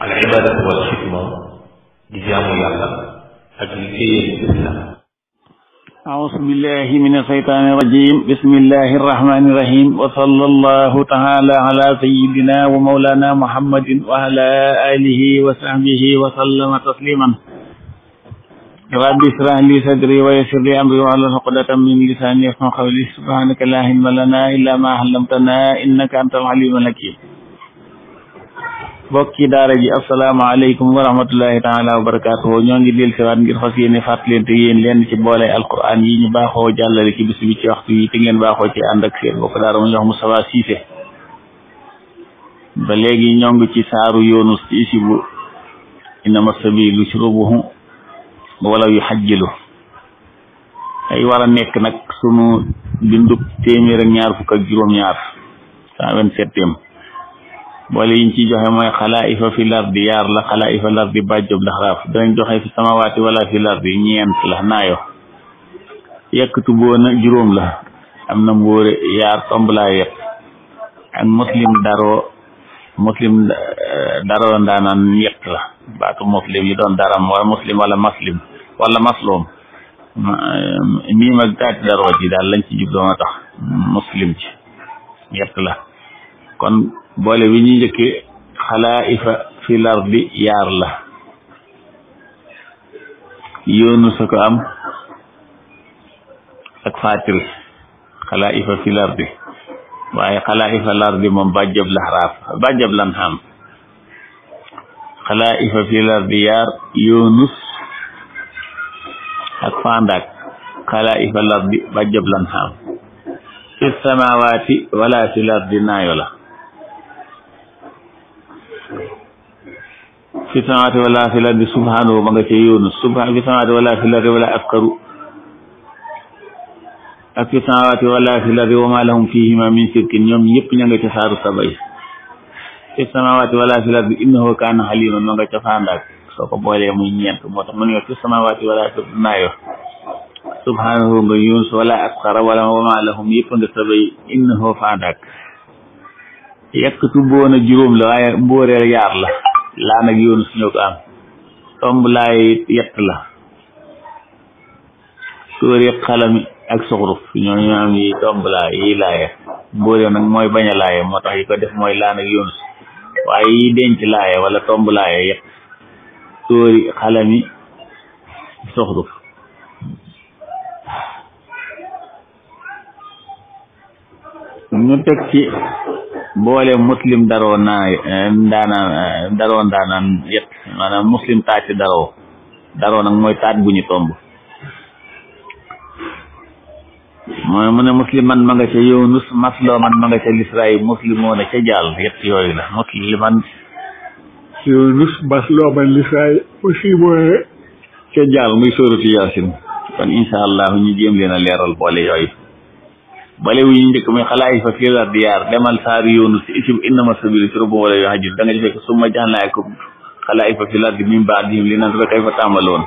al ibadatu wal xidma di jaamu yàlla ak liggéeyal islam أعوذ بالله من الشيطان الرجيم بسم الله الرحمن الرحيم وصلى الله تعالى على سيدنا ومولانا محمد وعلى آله وصحبه وسلم تسليما rabbi israh li sadri wa yassir li amri wahlul uqdatan min lisani yafqahu qawli subhanaka la ilma lana illa ma allamtana innaka antal alimul hakim bokki daara ji asalaamaaleykum wa rahmatullahi taala wa barakaatu ñoo ngi del siwaat ngir fas yéene fàttalente yéen leen ci boole alquran yi ñu baaxoo jàllale ci bis bi ci waxtu yi te ngeen baaxoo ci ànd ak seen bokk daara mu ñu wax Moustapha Cissé ba léegi ñoo ngi ci saaru yoonu ci isibu inama sabilu shurubuhu wala yu xajjilu ay war nekk nag sunu bindub téeméer ak ñaar fukk ak juróom-ñaar cent vingt-septième boole yiñ ci joxe mooy xalaa'ifa fi lardi yaar la xalaa'ifa lardi bàjjob laxraaf danañ joxe fi samawaati wala fi lardi ñeent la naayo yekkatu boona juróom la am na mbóore yaar tomb laa yekk ak muslim daroo muslim eh, daroo yekk la baatu muslim yi doon daram wala muslim wala maslim wala masloom eh, miim ak taati daroo ji daal lañ ci jub doon a tax muslim ci yekk la kon boole bi ñuy njëkke xalaa'ifa fi lardi yaar la yoonu sa ko am ak faatir xalaa'ifa fi lardi waaye xalaa'ifa lardi moom bàjjab la xaraaf bàjjab lan xam xalaa'ifa fi lardi yaar yoonus ak fandaak xalaa'ifa lardi bàjjab lan xam samawaati wala fi lardi la fi samaati wala fi lardi subhanahu ma nga ca yoonu afkaru ak fi samaati wala fi lardi wa ma lahum fihima min shirkin ñoom ñëpp ña kaana haliman ma nga soo ko boolee muy ñeent moo tax mu ne fi samaati wala fi naayo subhanahu nga yunus wala afkara wala wa ma lahum nga sabay innahu faandaak yàkk tu boona juróom la waaye mbóoreel yaar la laa nag yoonu suñu ko am tomb laay yett la tuur yëpp xalami ak suxruf ñooñu ñoo am yi tomb laa yi laaye mbóore nag mooy bañ a moo tax ko def mooy laa nag yoonu waaye yi denc laaye wala tomb laaye yett tuuri xalami suxruf ñu teg ci boole muslim daroo naa eh, ndaanaan eh, daroo ndaanaan yet maanaam muslim taat ci daroo daroo nag mooy taat bu ñu tomb mooy mu ne man ma nga ca yunus man ma nga ca lisrayi muslimoona ca jaal yet yooyu la musliman yunus masloman lisrayi muslimoona ca jaal muy sóoratu yaasin kon incha allah ñu jëm leen a leeral boole yooyu bale wu ñu njëkk muy xalaay fa fii laa diyaar demal saari yoonu si isim innama sabilu si rubbu wala yoo xajul da nga fekk summa ja'alnaakum xalaa'ifa fil ardi min ba'dihim linanzura kayfa ta'maluun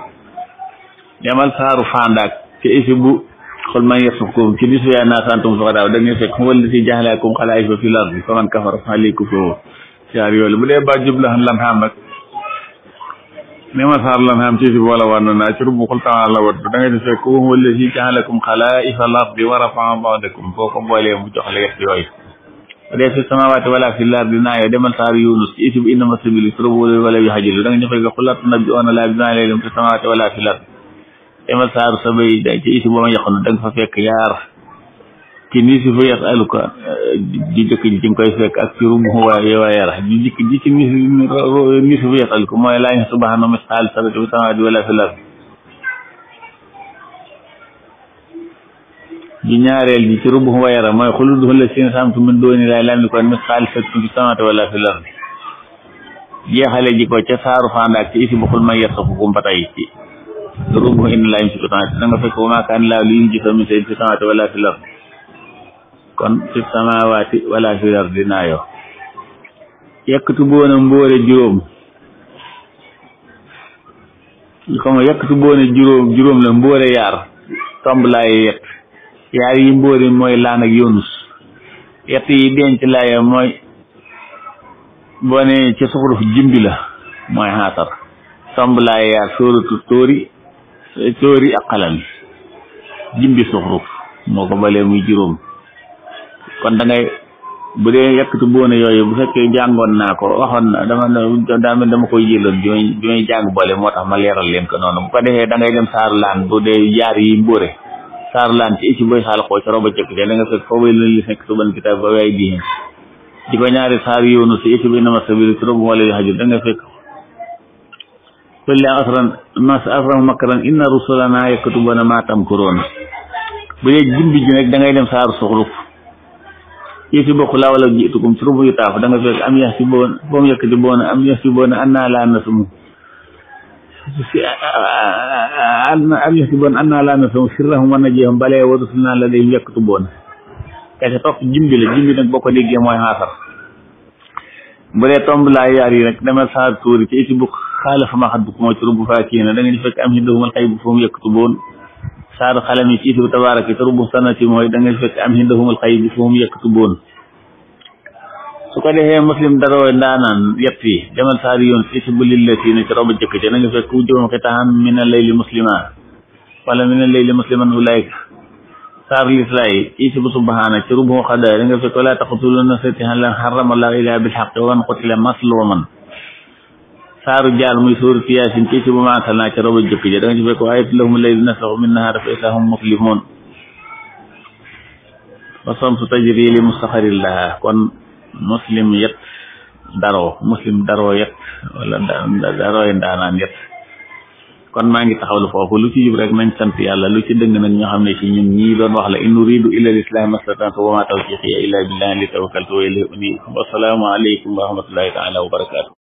demal saaru fandaak ci isim bu xul man yarzuqukum ci bisu yaa naas antum suqaraa da nga fekk huwa llazii ja'alakum xalaa'ifa fil ardi faman kafara fa alayhi kufruhu saar yooyu bu dee ba jubla lam xam ak ni'matar lan hamtiti wala wanna naacur bukul taala wattu da nga ci fekk huwa allazi ja'alakum xalaa'ifa al-ardi wa rafa'a ba'dakum foo ko boolee mu jox la yett yooyu bu dee fi samaawaati wala fi l-ardi naa yow demal saar Yunus ci itib inna masabili turabul wala yu hajilu da nga ci fekk qul atunabbi'uuna laa bimaa laykum fi samaawaati wala fi l-ardi demal saar sabay da ci itib ba ma yaqunu da fa fekk yaar ci nisifu yasaluka di jëkk ji ci nga koy fekk ak ci rumu waaye waaye mooy laa ñu subhaana misqaal sarati fi samawaati wala fil ardi ji ñaareel ji ci rubu wa yara mooy xulud la seen samtu min dooni laay lam kon misqaal sarati fi samawaati wala fil ardi jeexale ji ko ca saaru fanda ak ci isi bu xul may yasafukum ba tey ci rubu in laa ñu subhaana da nga fekk wa maa kaana laahu liyuhjiza min shay'in kon a samawaati wala fi lardi naayoo yekkatu boona mbóore juróom xam juróom juróom la mbóore yaar tomb laay yett yaar yi mbóore mooy laan ak yunus yett yi denc laaya mooy boo ci suxuruf jimbi la mooy xaatar tomb laaya yaar sóoratu tóori tóori ak jimbi suxuruf moo ko balee muy juróom kon da ngay bu dee yàkkati boone yooyu bu fekkee jàngoon naa ko waxoon na dama dama dama koy jëloon bi may bi jàng boole moo tax ma leeral leen ko noonu bu da ngay dem saar laan bu dee jaar yi mbóore saar laan ci ici xoo ci roba cëkk te da nga fekk foo bay lon li nekk suban ba waay diin ci ko ñaari saar si ici bi nama sabili ci robu da nga fekk kulli asran mas asran makran inna rusulana yaktubuna ma tamkuruna bu dee jimbi ji nag da ngay dem saar suxruf yi ci bokk laa wala jiitukum ci rubu yu taafu da nga fekk am yax ci boon ba mu yëkkati boon am yax ci boon an naa laa nasumu si am yax ci boon an naa laa nasumu naa la day yëkkatu boon ka ca topp jimbi la jimbi nag boo ko déggee mooy xaasar tomb laa yaar rek dama saar tuuri ci iti bukk xaala fa ma xaddu ko moo ci rubu kii na da nga fekk am ci doomal xay bu fa mu yëkkatu boon saar xalami ci isbu tabaaraki turubu sanati mooy da ngay fekk am hindahumul xay bi fahum yaktuboon su ko defee muslim darooy ndaanaan yett yi demal saar yoon isbu lillati ne ci roba jëkk ca na nga fekk ku jëm xitaxan min a layli musliman wala min a layli musliman ulayka saar lislaay isbu subhana ci rubu xadaa da nga fekk wala taqtuluna nafsan allati harrama allahu illa bil haqqi wa man qutila masluman saaru jaal muy suuratu yaasin ci ci bu ja da nga ci fekk ayatu lahum laylu naslaxu min nahaar fa idaa hum muflimuun wa samsu tajri li mustaqarrin lahaa kon muslim yet daroo muslim daroo yet wala darooy yet kon maa ngi taxawlu foofu lu ci jub rek nañ sant yàlla lu ci dëng nag ñoo xam ne ci ñu ñii doon wax la in uridu illa al-islaah mastata'tu wa maa tawfiiqii illaa billaahi alayhi tawakkaltu wa ilayhi uniib wa salaamu aleykum wa taala wa barakaatu